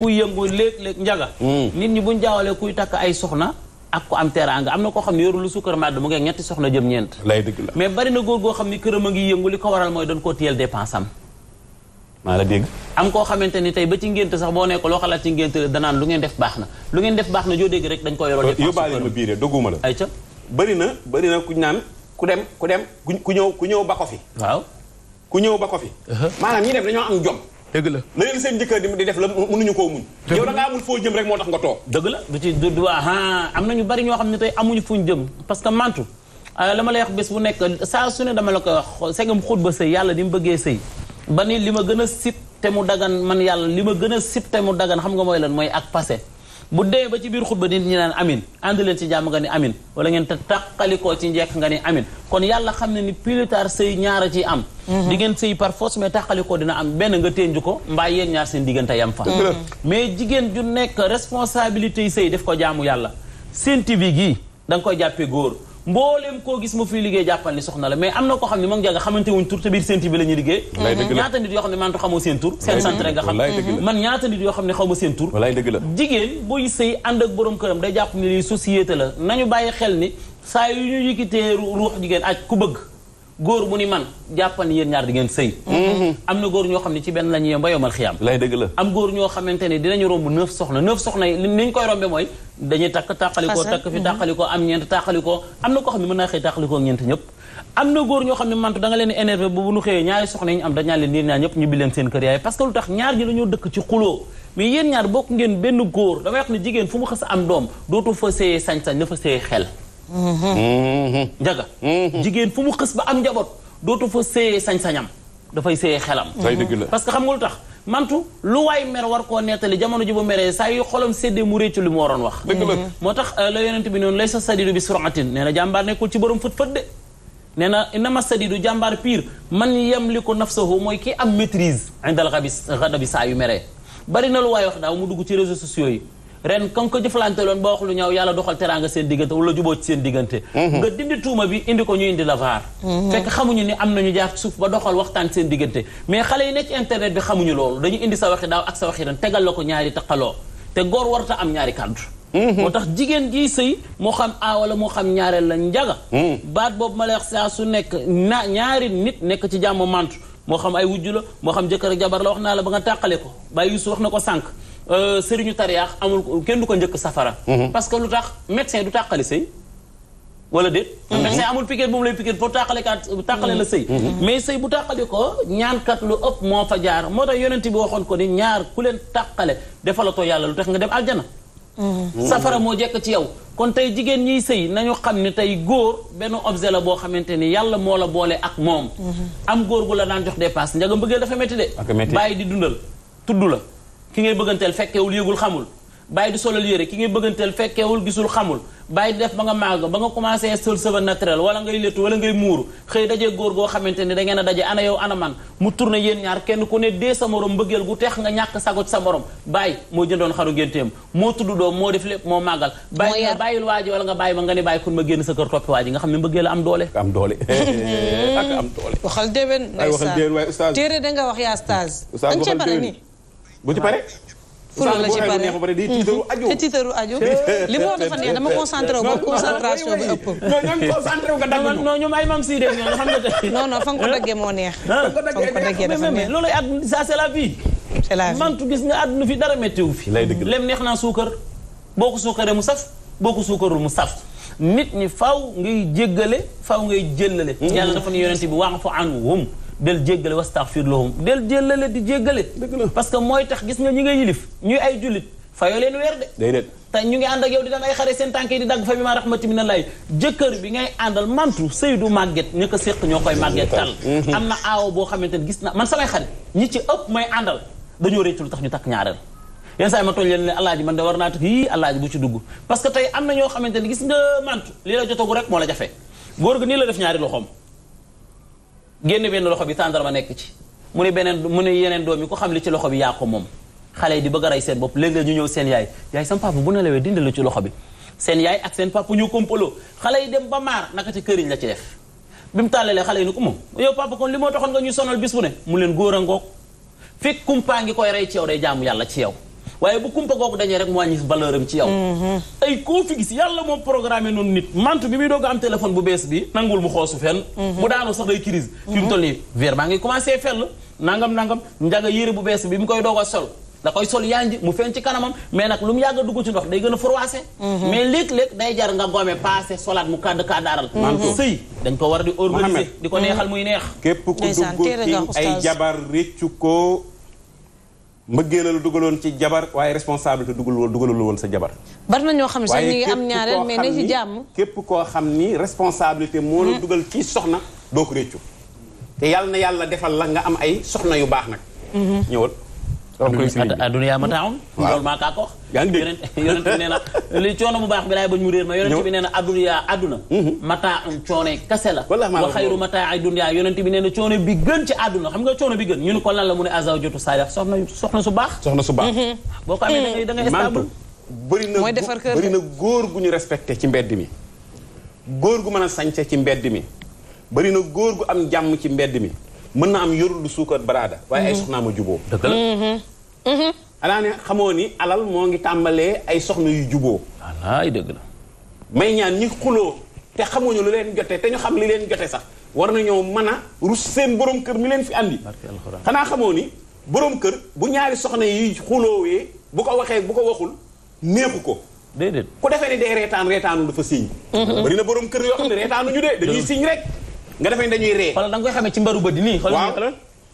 kuy yëngu léeg-léeg njaga hmm. nit ñi buñ jaawalee kuy takk ay soxna ak ko am teraanga am na koo xam ne yoru lu sukkar màdd mu ngi ñetti soxna jëm ñeent lay dëgg la mais bari na góor goo xam ni këram a ngi yëngu li ko waral mooy doon ko téyel dépense am maa la dégg am koo xamante ni tey ba ci ngénte sax boo nekk loo xalaat ci ngénte la danaan lu ngeen def baax na lu ngeen def baax na joo dégg rek dañ ko yoroo yóbbaale ma biire dogguma la bari na bari na kuñ naan ku dem ku dem ku ñëw ku ñëw ba ko fi waaw ku ñëw ba ko fi uh-huh. maanaam ñi dañoo am jom dëgg la na leen seen di def la mënuñu koo muñ yow da nga amul foo jëm rek moo tax nga toog dëgg la du ci du waa ah, am nañu bari ñoo xam ne tey amuñu fuñ jëm parce que lama ah, la ma lay wax bés bu nekk saa su ne dama la ko wax segam xóot ba sëy yàlla di mu bëggee sëy ba ni li ma gën a sib te mu dagan man yàlla li ma gën a sib te mu dagan xam nga mooy lan mooy ak passé bu dee ba ci biir xutba nit ñi naan amin ànd leen ci jàmm nga ni amin wala ngeen te taqalikoo ci njekk nga ni amin kon yàlla xam ne ni plus tard sëy ñaara ciy am mhm. di ngeen sëy par force mais taqalikoo dina am benn nga ténju ko mbaa yéen ñaar seen diggante yam fa mais jigéen ju nekk responsabilité yi sëy def ko jaamu yàlla seen tibi gii danga koy jàppee góor mbooleem koo gis mu fi liggéey jàppal ni soxna la mais am na koo xam ne moom jàgga xamante wuñ tur te biir seen TV la ñuy liggéey ñaata nit yoo xam ne man xamoo seen tur seen sant nga xam man ñaata nit yoo xam ne xaw seen tur jigéen buy sëy ànd ak borom këram day jàpp ni lii société la nañu bàyyi xel ni saa yu ñu yëkkitee ruux jigéen ak ku bëgg góor bu ni man jàppal ni yéen ñaar di ngeen sëy mm-hmm. am na góor ñoo xam ne ci benn la ñuy yem ba lay dëgg la am góor ñoo xamante ne dinañu romb neuf soxna neuf soxna ni mooy dañuy takk tàqalikoo takk fi mm-hmm. tàqalikoo am ñeent tàqalikoo am na koo xam ne mën naa xëy tàqalikoo ñeent ñëpp am na góor mantu da leen énervé bu ñu xëyee ñaari soxna yi ñu am dañaa leen yéen ñaar ñëpp ñu bi leen seen kër yaay parce que lu tax ñaar ñi dañoo dëkk ci xuloo mais yéen ñaar bokk ngeen benn góor damay wax ne jigéen fu mu xas am doom dootu fa sëyee sañ-sañ dafa sëyee xel Mm-hmm. njaga mm-hmm. jigéen fu mu xës ba am njaboot dootu fa séyee sañ-sañam dafay séyee xelam parce que xam nga lu tax mantu lu waay mer war koo nettali jamono ji bu meree saa yu xolam séddee mu réccu li mu waroon wax mm-hmm. moo tax euh, la yonent bi noonu lay sa sadidu bi suratin nee na jàmbaar nekkul ci borom fët fët de nee na inama sadidu jàmbaar pire man yamliku nafsahu mooy kii am maîtrise indal xadabi saa yu mere bari na lu waay wax daaw mu dugg ci réseaux sociaux yi ren ka nga ko jëflante loon ba wax lu ñaaw yàlla doxal teraanga seen diggante la juboo ci seen diggante mhm. nga dindi tuuma bi indi ko ñu indi la vaar mhm. fekk xamuñu ni am na nañu jaar suuf ba doxal waxtaan seen diggante mais xale yi nekk internet bi xamuñu loolu dañu indi sa waxi daaw ak sa waxi ren tegal la ko ñaari taqaloo te góor warta am ñaari kàddu mhm. moo tax jigéen ji sëy moo xam aaw la moo xam ñaareel la njaga baat boobu ma la wax saa su nekk na ñaari nit nekk ci jàmm mantu moo xam ay wujju la moo xam jëkkër ak jabar la wax naa la ba nga tàqale ko wax na ko sànq Euh, sëriñu tariyaax amul kenn du ko njëkk safara. Mhm. parce que lu tax médecin du tàqali sëy wala déet. Mhm. médecin amul piquet bu mu lay piquet pour tàqale kat tàqale la sëy. Mhm. mais sëy bu tàqali ko ñaankat lu ëpp moo fa jaar moo tax yonent bi waxoon ko ni ñaar ku leen tàqale defalatoo yàlla lu tax nga dem aljana. safara moo jekk ci yow. kon tey jigéen ñiy sëy nañu xam ne tey góor benn objet la boo xamante ni yàlla moo la boole ak moom. am góor gu la daan jox dépasse njagam bëggee dafa métti de. bàyyi di dundal tudd la. ki ngay bëgganteel fekkeewul yëgul xamul bàyyi di solal yére ki ngay bëgganteel fekkeewul gisul xamul bàyyi di def ba nga màgg ba nga commencé sol sëva naturel wala ngay léttu wala ngay muuru xëy daje góor goo xamante ni da daje ana yow ana man mu tourné yéen ñaar kenn ku ne dee sa morom mbëggeel gu teex nga ñàkk sago ci sa morom bàyyi moo jëndoon xaru génteem moo tudd doom moo def lépp moo màggal bàyyi nga bàyyil waa ji wala nga bàyyi ba nga ne bàyyi kun ma génn sa kër toppi waa ji nga xam ne mbëggeel am doole am doole ak am doole waxal déwén waxal déwén waaye oustaz téere da nga wax yaa oustaz bu ci pare. fula la ci pare bu day tiitaru aju. te tiitaru aju li mu wax dafa neex dama concentré wu ba concentration bi ëpp. daggee moo neex. Ah. loolu at ça c'est la vie. c'est mantu gis nga àdduna fi dara méttiwu fi. lay dëgg lem neex naa suukar boo ko suukaree mu saf boo ko mu saf. nit ñi faaw ngay faw nga ngay jëllale. Mm-hmm. yàlla dafa ne yonent bi wa'fu anhum del jéggale wastaxfir lahum del jéllale di jéggale parce que mooy tax gis nga ñi nga yilif ñuy ay jullit fayoo leen weer de te ñu ngi ànd ak yow di daan ay xare seen tànk yi di dagg fa bi ma raxmati mina lay jëkkër bi ngay àndal mantu Seydou Maguette ña ko ñoo koy Maguette tal mm-hmm. am na aawo boo xamante ne gis na man samay xarit ñi ci ëpp may àndal dañoo réccu lu tax ñu takk ñaareel yenn saa yi ma tooñ leen ne alaaji man de war naa takk yii alaaji bu ci dugg parce que tey am na ñoo xamante ne gis nga mantu lii la jotagu rek moo la jafe góor gi nii def ñaari loxoom génn benn loxo bi tàndarma nekk ci mu ne beneen mu ne yeneen doom yi ku xam li ci loxo bi yaa ko moom xale yi di bëgg a rey seen bopp léeg-léeg ñu ñëw seen yaay yaay sama papa bu nelawee dindi la ci loxo bi seen yaay ak seen papa ñu kompaloo xale yi dem ba maar naka ci këriñ la ci def bi mu tàllalee xale yi ni ko moom yow papa kon li moo taxoon nga ñuy sonal bis bu ne mu leen góor a ngoog fekk kumpaa ngi koy rey ci yow day jaamu yàlla ci yow waaye bu kumpa googu dañee rek mu wàññi valeur am ci yow. ay mm-hmm. koo fi gis yàlla moom programme noonu nit mantu bi muy doog am téléphone bu bees bi nangul mu xoosu fenn. Mm-hmm. mu daanu sax day crise fi mu mm-hmm. toll nii bi mu koy doog a sol. da koy mu feeñ ci kanamam mais nag lu mu yàgg a dugg ci ndox day gën a froissé mais léeg-léeg day jar nga goome passé solaat mu kàdd kàddaaral maanaam sëy dañ ko war di organiser di ko neexal muy neex képp ku dugg ci ay jabar réccu ko mbëggee la dugaloon ci jabar waaye responsabilité dugalul dugalul woon sa jabar. bari na ñoo xam ne sax ñu ngi am ñaareel mais ne ci jàmm. képp koo xam ni responsabilité moo la hmm. dugal ci soxna doo ko réccu te yàlla na yàlla defal la nga am ay soxna yu baax nag. Hmm. ñëwal. adduniyaa mataawun loolu maa kaa ko wax yonent yonent bi nee na li bu baax bi laay bañ mu réer ma yonent bi nee na adduniyaa adduna mhm. mataawun um, coono kase la wa xayru mataa ay duniyaa yonent bi nee na coono bi gën ci adduna xam nga coono bi gën ñu ne ko lan la mu ne azaw jotu saadax soxna soxna su baax soxna su baax mhm. boo ko amee da ngay mhm. stable bëri na bëri na góor gu ñu respecté ci mbedd mi góor gu mën a sañse ci mbedd mi bëri na góor gu am jàmm ci mbedd mi mën na am yorul lu suukar baraada. waaye ay mhm. soxnaama juboo dëgg la. xanaa mhm. mhm. ne xamoo ni alal moo ngi tàmbalee ay soxna yu juboo wallaay dëgg la. may ñaan ñi xuloo te xamuñu lu leen jote te ñu xam li leen jote sax war nañoo mën a rus seen borom kër mi leen fi andi. xanaa xamoo ni borom kër bu ñaari soxna yi xuloowee bu ko waxee bu ko waxul neexu ko. déedéet ku defee ni day reetaan reetaanu dafa siiñ. bari na borom kër yoo xam ne reetaanu ñu de dañuy siiñ rek. nga defee dañuy ree. wala da nga koy xamee ci mbaru bët yi nii. waaw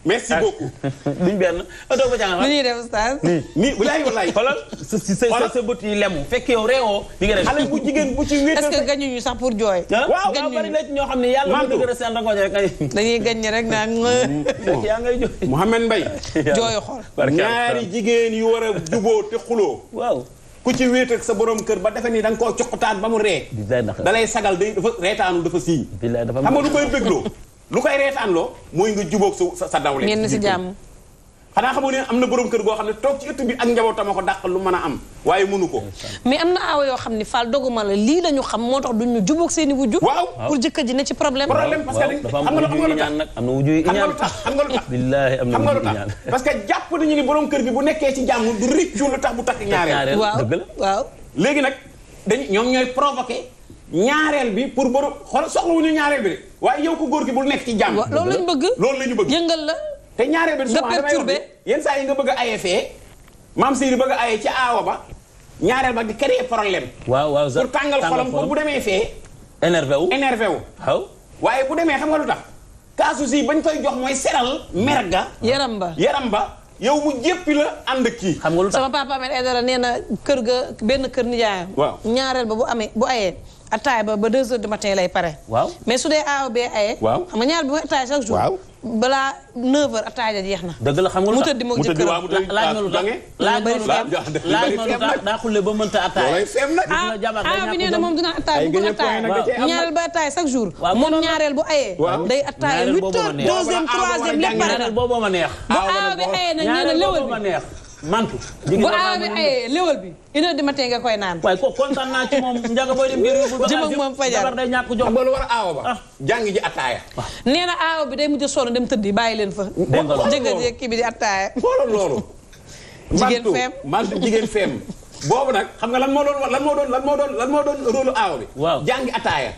merci ah. beaucoup. duñ benn ah, doo ko jàngal. lu ah. ñuy def stage. nii walaay walaay. xoolal sa sa sa bët yi lemu. fekk yow réewoo di nga def. xale bu jigéen bu ci wéetal. est que gañu ñu sax pour jooy. gañu waaw ñoo xam ne yàlla bu dëgg rek seen rangoñ rek gañu. dañuy gañ rek naan. fekk yaa jooy. xol. ñaari jigéen yu war a juboo te xuloo. waaw. ku ci wéet ak sa borom kër ba defe nii danga nga koo coqutaan ba mu ree da lay sagal day dafa reetaanul dafa siiñ xam nga lu koy bégloo lu koy reetaanloo mooy nga jubóog sa sa dawle. na si jàmm xanaa xamoo ne am na borom kër goo xam ne toog ci ëtt bi ak njabootam ko dàq lu mën a am waaye mënu ko mais am na aawa yoo xam ne Fall doguma la lii la ñu xam moo tax duñ ñu jubóog seen i wujju waaw pour jëkkër ji ne ci problème problème am na wujju yu ñaan xam nga lu tax billaahi am na wujju yu ñaan parce que jàpp nañu ni borom kër bi nekkee ci jàmm du rëccu lu tax ñaareel bi pour borom xool soxlawuñu ñaareel bi de waaye yow ko góor gi bu nekk ci jàmm loolu lañ bëgg loolu la ñu bëgg yëngal la te ñaareel ba souvent damay wax yenn saa yi nga bëgg a aye fee maam Seydi bëgg a aye ci aawa ba ñaareel ba di créer problème. waaw waaw pour tàngal xolam pour bu demee fee. énervé wu énervé wu. waaye bu demee xam nga lu tax. kaasu si bañ koy jox mooy seral merga. Hmm. yaram ba yaram ba. yow mu jéppi la ànd kii. xam nga lu sama papa Ahmed Aidara nee na kër ga benn kër nijaayam. waaw ñaareel ba bu amee bu ayee. attaay ba ba deux heures du matin lay pare. waaw mais su dee aaw bee ayee. waaw xam nga ñaar bi mooy attaay chaque balaa 9h ataaja jeex na. dëgg la xam nga lu tax mu tëddi moog jëkkëram laaj ma lu tax laaj ma lu tax laaj ma lu tax daa xulle ba mënta ataaya. ah bi nee na moom dina ataaya bu ko ataaya ñaareel ba ataaya chaque jour. waaw moom ñaareel bu ayee. day ataaya 8h 2h 3h lépp pare. neex. mantu. bu awa bi ayee léwal bi une heure du nga koy naan. waaye ko kontaan naa ci moom njaga booy dem biir bu jëm fajar day ñàkk jox ba lu war a aawa ba ah. jàngi ji attaaya nee na aawa bi day mujj sonn dem tëddi bàyyi leen fa jëkkër ji kii bi di attaaya xoolal loolu jigéen feem mantu jigéen feem boobu nag xam nga lan moo doon lan moo doon lan moo doon lan moo doon rôle aawa bi waaw jàngi attaaya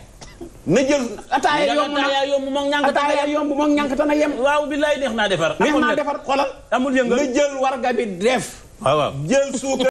na jël ataaya yomb na yomb moom ñànk ataaya yomb moom ñànk tana yem waaw billaay neex naa defar neex naa defar xolal amul yëngal na jël warga bi def waaw waaw jël suukar